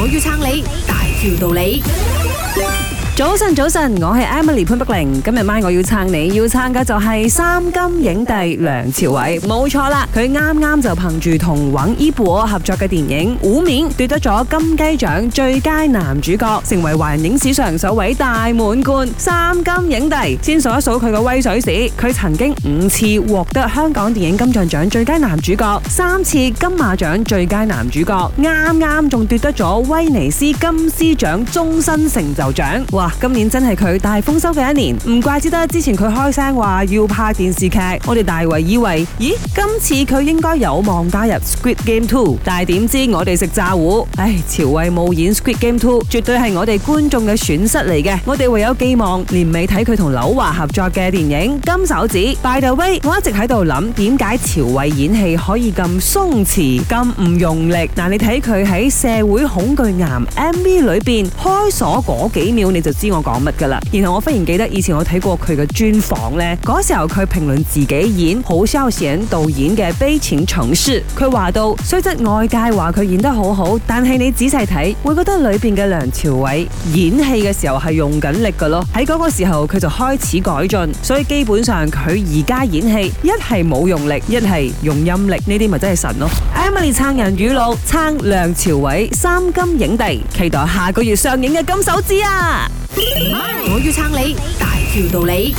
我要撐你，大條道理。早晨，早晨，我係 Emily 潘碧玲。今日晚我要撐你，要撐嘅就係三金影帝梁朝偉，冇錯啦，佢啱啱就憑住同王一博合作嘅電影《無名》奪得咗金雞獎最佳男主角，成為華人影史上首位大滿貫三金影帝。先數一數佢嘅威水史，佢曾經五次獲得香港電影金像獎最佳男主角，三次金馬獎最佳男主角，啱啱仲奪得咗威尼斯金獅獎終身成就獎。今年真係佢大豐收嘅一年，唔怪之得之前佢開聲話要拍電視劇，我哋大為以為，咦，今次佢應該有望加入《Squid Game 2》，但係點知我哋食炸糊，唉，朝偉冇演《Squid Game 2》，絕對係我哋觀眾嘅損失嚟嘅，我哋唯有寄望年尾睇佢同劉華合作嘅電影《金手指》。By the way，我一直喺度諗，點解朝偉演戲可以咁鬆弛，咁唔用力？嗱，你睇佢喺《社會恐懼癌》MV 裏邊開鎖嗰幾秒，你就，知我講乜噶啦？然後我忽然記得以前我睇過佢嘅專訪呢。嗰時候佢評論自己演好侯孝賢導演嘅《悲情城市》，佢話到，雖則外界話佢演得好好，但係你仔細睇，會覺得裏邊嘅梁朝偉演戲嘅時候係用緊力噶咯。喺嗰個時候佢就開始改進，所以基本上佢而家演戲一係冇用力，一係用陰力，呢啲咪真係神咯。Emily 撐人語錄，撐梁朝偉三金影帝，期待下個月上映嘅《金手指》啊！我要撐你，大條道理。